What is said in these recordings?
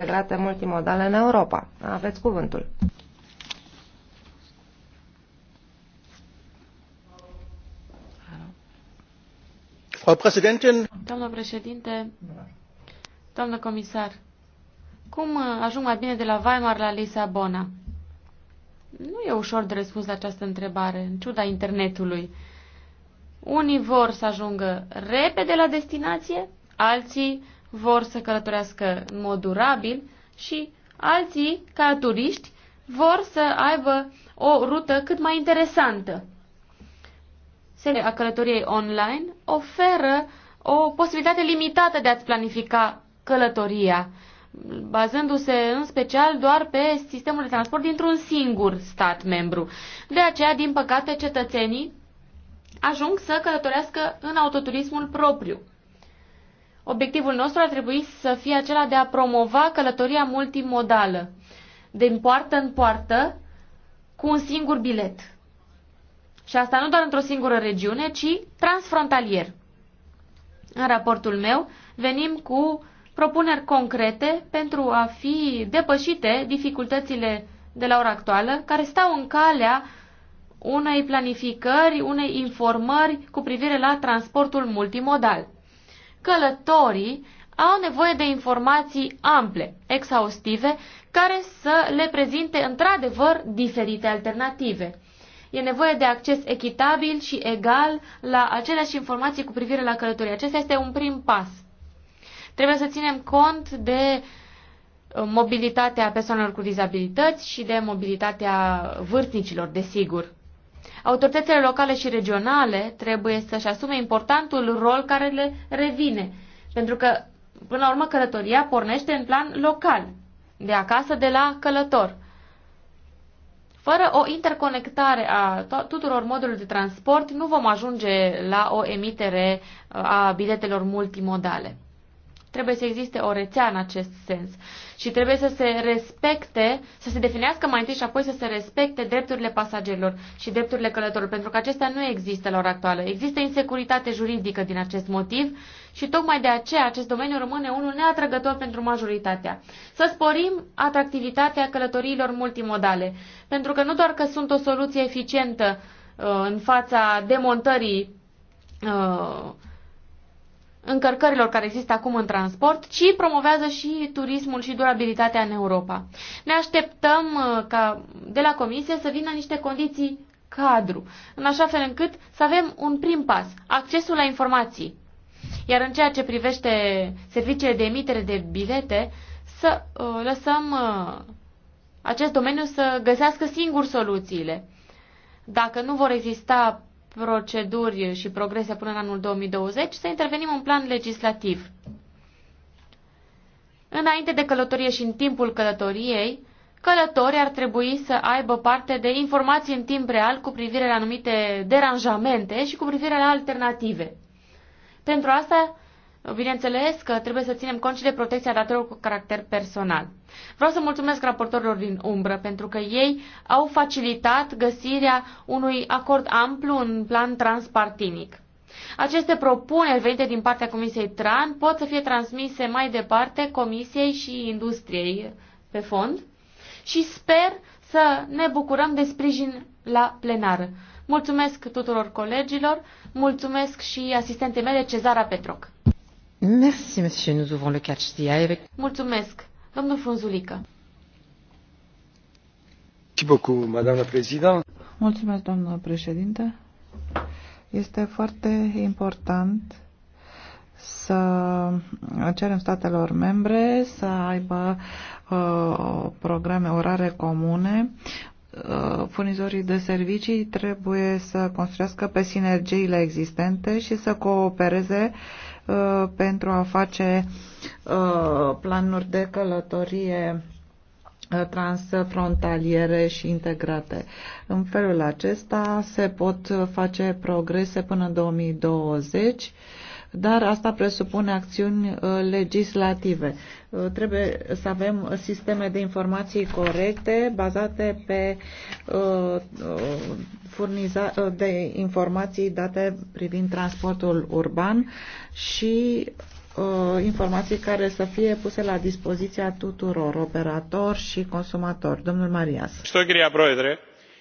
integrate multimodale în Europa. Aveți cuvântul. Doamnă președinte, doamnă comisar, cum uh, ajung mai bine de la Weimar la Lisabona? Nu e ușor de răspuns la această întrebare, în ciuda internetului. Unii vor să ajungă repede la destinație, alții vor să călătorească în mod durabil și alții, ca turiști, vor să aibă o rută cât mai interesantă. Seria a călătoriei online oferă o posibilitate limitată de a-ți planifica călătoria, bazându-se în special doar pe sistemul de transport dintr-un singur stat membru. De aceea, din păcate, cetățenii ajung să călătorească în autoturismul propriu. Obiectivul nostru ar trebui să fie acela de a promova călătoria multimodală, din poartă în poartă, cu un singur bilet. Și asta nu doar într-o singură regiune, ci transfrontalier. În raportul meu venim cu propuneri concrete pentru a fi depășite dificultățile de la ora actuală, care stau în calea unei planificări, unei informări cu privire la transportul multimodal călătorii au nevoie de informații ample, exhaustive, care să le prezinte într-adevăr diferite alternative. E nevoie de acces echitabil și egal la aceleași informații cu privire la călătorie. Acesta este un prim pas. Trebuie să ținem cont de uh, mobilitatea persoanelor cu dizabilități și de mobilitatea vârstnicilor, desigur. Autoritățile locale și regionale trebuie să-și asume importantul rol care le revine, pentru că, până la urmă, călătoria pornește în plan local, de acasă, de la călător. Fără o interconectare a tuturor modurilor de transport, nu vom ajunge la o emitere uh, a biletelor multimodale. Trebuie să existe o rețea în acest sens și trebuie să se respecte, să se definească mai întâi și apoi să se respecte drepturile pasagerilor și drepturile călătorilor, pentru că acestea nu există la ora actuală. Există insecuritate juridică din acest motiv și tocmai de aceea acest domeniu rămâne unul neatrăgător pentru majoritatea. Să sporim atractivitatea călătoriilor multimodale, pentru că nu doar că sunt o soluție eficientă uh, în fața demontării uh, încărcărilor care există acum în transport, ci promovează și turismul și durabilitatea în Europa. Ne așteptăm uh, ca de la Comisie să vină niște condiții cadru, în așa fel încât să avem un prim pas, accesul la informații. Iar în ceea ce privește serviciile de emitere de bilete, să uh, lăsăm uh, acest domeniu să găsească singur soluțiile. Dacă nu vor exista proceduri și progrese până în anul 2020, să intervenim în plan legislativ. Înainte de călătorie și în timpul călătoriei, călătorii ar trebui să aibă parte de informații în timp real cu privire la anumite deranjamente și cu privire la alternative. Pentru asta, bineînțeles că trebuie să ținem cont și de protecția datelor cu caracter personal. Vreau să mulțumesc raportorilor din umbră pentru că ei au facilitat găsirea unui acord amplu în plan transpartinic. Aceste propuneri venite din partea Comisiei TRAN pot să fie transmise mai departe Comisiei și Industriei pe fond și sper să ne bucurăm de sprijin la plenară. Mulțumesc tuturor colegilor, mulțumesc și asistentei mele Cezara Petroc. Merci, monsieur. Nous ouvrons le catch the eye avec... Mulțumesc. Domnul Frunzulică. Mulțumesc, doamnă președinte. Este foarte important să cerem statelor membre să aibă uh, programe orare comune. Uh, furnizorii de servicii trebuie să construiască pe sinergiile existente și să coopereze uh, pentru a face uh, Uh, planuri de călătorie uh, transfrontaliere și integrate. În felul acesta se pot face progrese până în 2020 dar asta presupune acțiuni uh, legislative. Trebuie să avem sisteme de informații corecte bazate pe furniza de informații date privind transportul urban și Uh, informații care să fie puse la dispoziția tuturor, operator și consumator. Domnul Marias. Ευχαριστώ κυρία Πρόεδρε.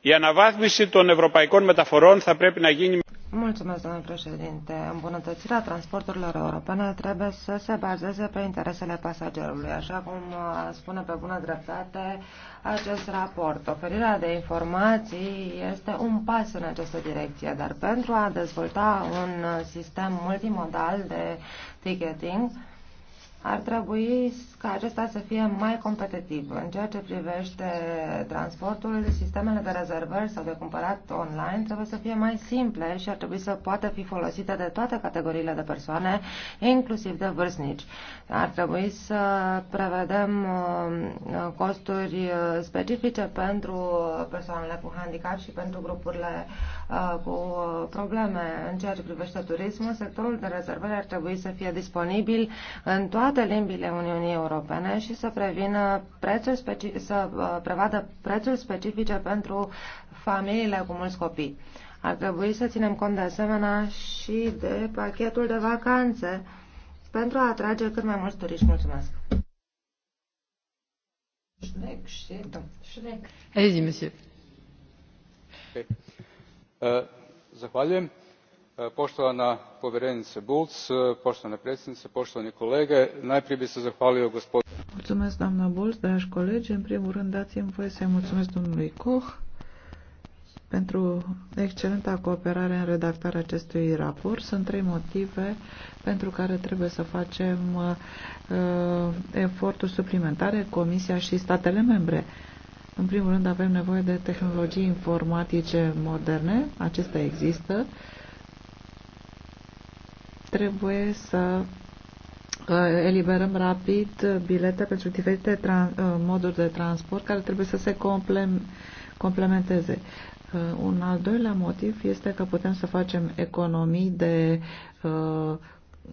Η αναβάθμιση των ευρωπαϊκών μεταφορών θα πρέπει να γίνει Mulțumesc, domnule președinte. Îmbunătățirea transporturilor europene trebuie să se bazeze pe interesele pasagerului. Așa cum uh, spune pe bună dreptate acest raport, oferirea de informații este un pas în această direcție, dar pentru a dezvolta un uh, sistem multimodal de ticketing, ar trebui ca acesta să fie mai competitiv în ceea ce privește transportul, sistemele de rezervări sau de cumpărat online trebuie să fie mai simple și ar trebui să poată fi folosite de toate categoriile de persoane, inclusiv de vârstnici. Ar trebui să prevedem um, costuri uh, specifice pentru persoanele cu handicap și pentru grupurile uh, cu probleme. În ceea ce privește turismul, sectorul de rezervări ar trebui să fie disponibil în toate limbile Uniunii Europene și să prevină prețuri specifice, să uh, prevadă prețuri specifice pentru familiile cu mulți copii. Ar trebui să ținem cont de asemenea și de pachetul de vacanțe pentru a atrage cât mai mulți turiști. Mulțumesc! zahvaljujem poštovana povjerenice bulc poštovana predsjednice poštovani kolege najprije bih se zahvalio gospodinu mulțumesc doamnă bulc dragi colegi în primul rând dați mi voie pentru excelenta cooperare în redactarea acestui raport. Sunt trei motive pentru care trebuie să facem uh, eforturi suplimentare, Comisia și statele membre. În primul rând avem nevoie de tehnologii informatice moderne, acestea există. Trebuie să uh, eliberăm rapid bilete pentru diferite uh, moduri de transport care trebuie să se complementeze. Un al doilea motiv este că putem să facem economii de uh,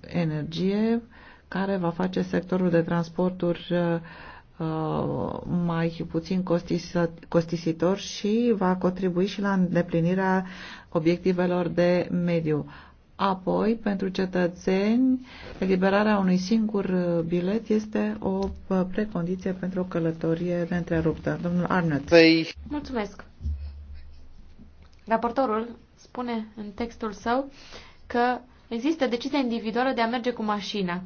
energie care va face sectorul de transporturi uh, mai puțin costisitor și va contribui și la îndeplinirea obiectivelor de mediu. Apoi, pentru cetățeni, eliberarea unui singur bilet este o uh, precondiție pentru o călătorie neîntreruptă. Domnul Arnett. Păi- Mulțumesc. Raportorul spune în textul său că există decizia individuală de a merge cu mașina.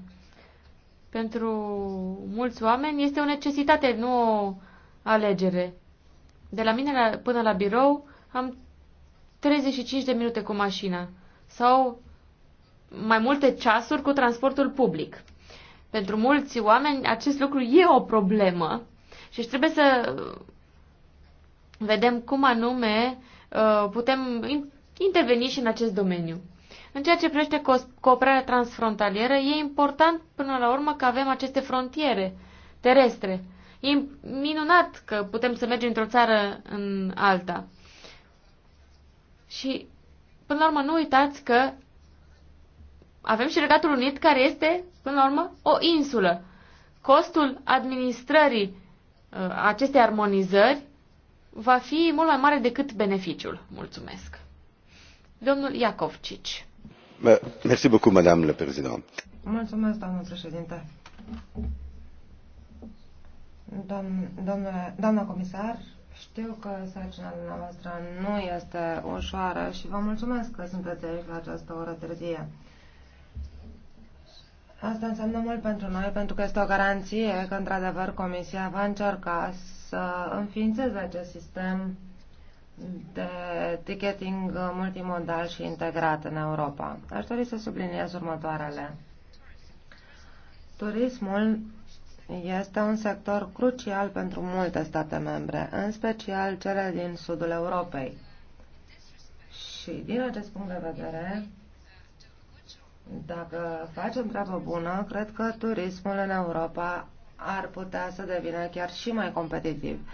Pentru mulți oameni este o necesitate, nu o alegere. De la mine la, până la birou am 35 de minute cu mașina sau mai multe ceasuri cu transportul public. Pentru mulți oameni acest lucru e o problemă și trebuie să vedem cum anume Uh, putem interveni și în acest domeniu. În ceea ce privește cooperarea transfrontalieră, e important până la urmă că avem aceste frontiere terestre. E minunat că putem să mergem într-o țară în alta. Și până la urmă nu uitați că avem și Regatul Unit care este până la urmă o insulă. Costul administrării uh, acestei armonizări va fi mult mai mare decât beneficiul. Mulțumesc. Domnul Iacovcici. Mersi beaucoup, madame le président. Mulțumesc, doamnă președinte. domnule, doamna comisar, știu că sarcina dumneavoastră nu este ușoară și vă mulțumesc că sunteți aici la această oră târzie. Asta înseamnă mult pentru noi, pentru că este o garanție că, într-adevăr, Comisia va încerca să înființeze acest sistem de ticketing multimodal și integrat în Europa. Aș dori să subliniez următoarele. Turismul este un sector crucial pentru multe state membre, în special cele din sudul Europei. Și din acest punct de vedere, dacă facem treabă bună, cred că turismul în Europa ar putea să devină chiar și mai competitiv.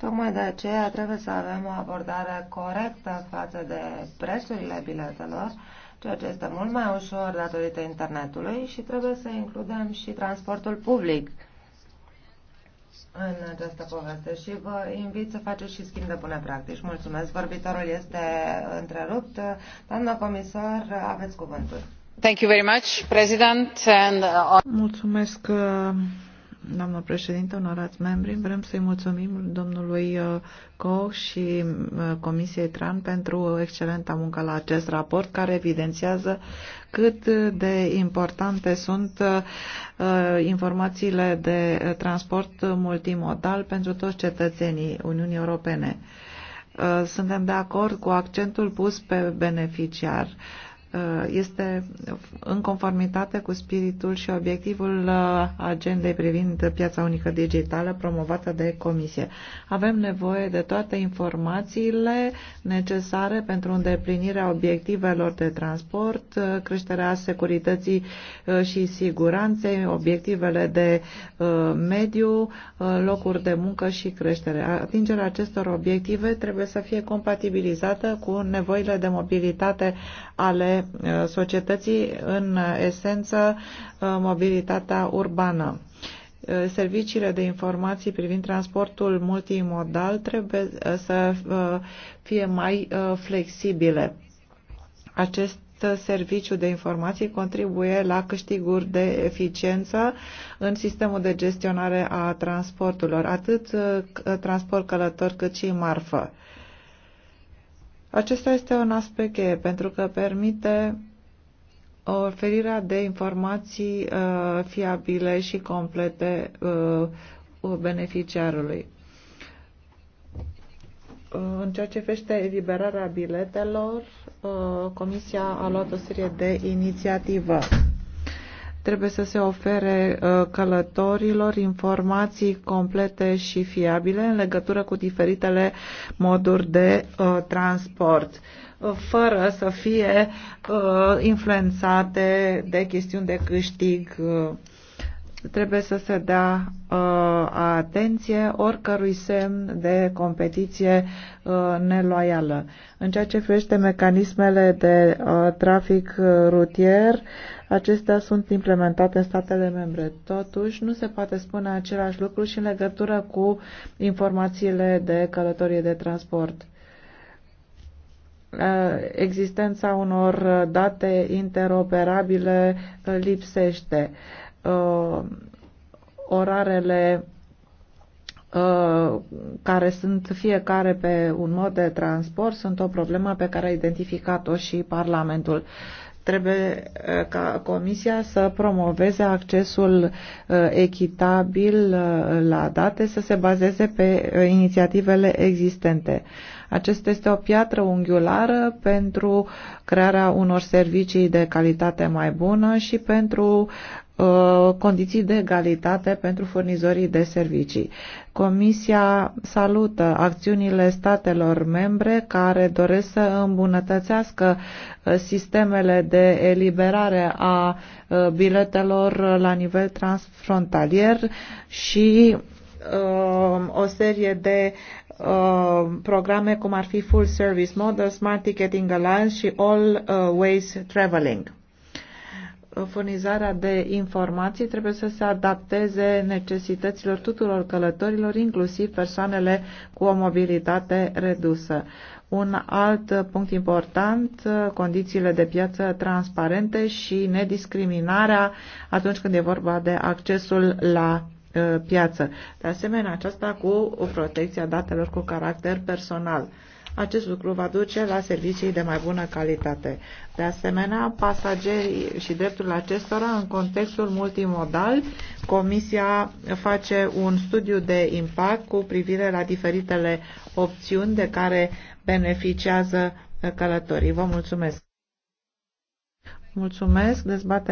Tocmai de aceea trebuie să avem o abordare corectă față de prețurile biletelor, ceea ce este mult mai ușor datorită internetului și trebuie să includem și transportul public în această poveste și vă invit să faceți și schimb de bune practici. Mulțumesc. Vorbitorul este întrerupt. Doamna comisar, aveți cuvântul. Thank you very much, President. And... Uh, Mulțumesc, uh, Doamnă președinte, onorați membri, vrem să-i mulțumim domnului Koch uh, și uh, Comisiei TRAN pentru excelenta muncă la acest raport, care evidențiază cât de importante sunt uh, informațiile de transport multimodal pentru toți cetățenii Uniunii Europene. Suntem de acord cu accentul pus pe beneficiar Uh, este în conformitate cu spiritul și obiectivul uh, agendei privind piața unică digitală promovată de Comisie. Avem nevoie de toate informațiile necesare pentru îndeplinirea obiectivelor de transport, uh, creșterea securității și siguranței, obiectivele de mediu, locuri de muncă și creștere. Atingerea acestor obiective trebuie să fie compatibilizată cu nevoile de mobilitate ale Uh, societății, în esență uh, mobilitatea urbană. Uh, serviciile de informații privind transportul multimodal trebuie să fie mai flexibile. Acest serviciu de informații contribuie la câștiguri de eficiență în sistemul de gestionare a transporturilor, atât transport călător cât și marfă. Acesta este un aspect cheie pentru că permite oferirea de informații uh, fiabile și complete uh, beneficiarului. Uh, în ceea ce fește eliberarea biletelor, uh, Comisia a luat o serie de inițiativă. Trebuie să se ofere uh, călătorilor informații complete și fiabile în legătură cu diferitele moduri de uh, transport uh, fără să fie influențate de chestiuni de câștig trebuie să se dea uh, atenție oricărui semn de competiție uh, neloială. În ceea ce privește mecanismele de uh, trafic rutier, acestea sunt implementate în statele membre. Totuși, nu se poate spune același lucru și în legătură cu informațiile de călătorie de transport uh, existența unor date interoperabile lipsește uh, orarele uh, care sunt fiecare pe un mod de transport sunt o problemă pe care a identificat-o și Parlamentul. Trebuie uh, ca Comisia să promoveze accesul uh, echitabil uh, la date, să se bazeze pe inițiativele existente. Acesta este o piatră unghiulară pentru crearea unor servicii de calitate mai bună și pentru uh, condiții de egalitate pentru furnizorii de servicii. Comisia salută acțiunile statelor membre care doresc să îmbunătățească uh, sistemele de eliberare a uh, biletelor la nivel transfrontalier și o serie de uh, programe cum ar fi Full Service Model, Smart Ticketing Alliance și All uh, Ways Traveling. Uh, furnizarea de informații trebuie să se adapteze necesităților tuturor călătorilor, inclusiv persoanele cu o mobilitate redusă. Un alt punct important, uh, condițiile de piață transparente și nediscriminarea atunci când e vorba de accesul la Uh, piață. De asemenea, aceasta cu protecția datelor cu caracter personal. Acest lucru va duce la servicii de mai bună calitate. De asemenea, pasagerii și dreptul acestora în contextul multimodal, Comisia face un studiu de impact cu privire la diferitele opțiuni de care beneficiază uh, călătorii. Vă mulțumesc! Mulțumesc! Dezbatere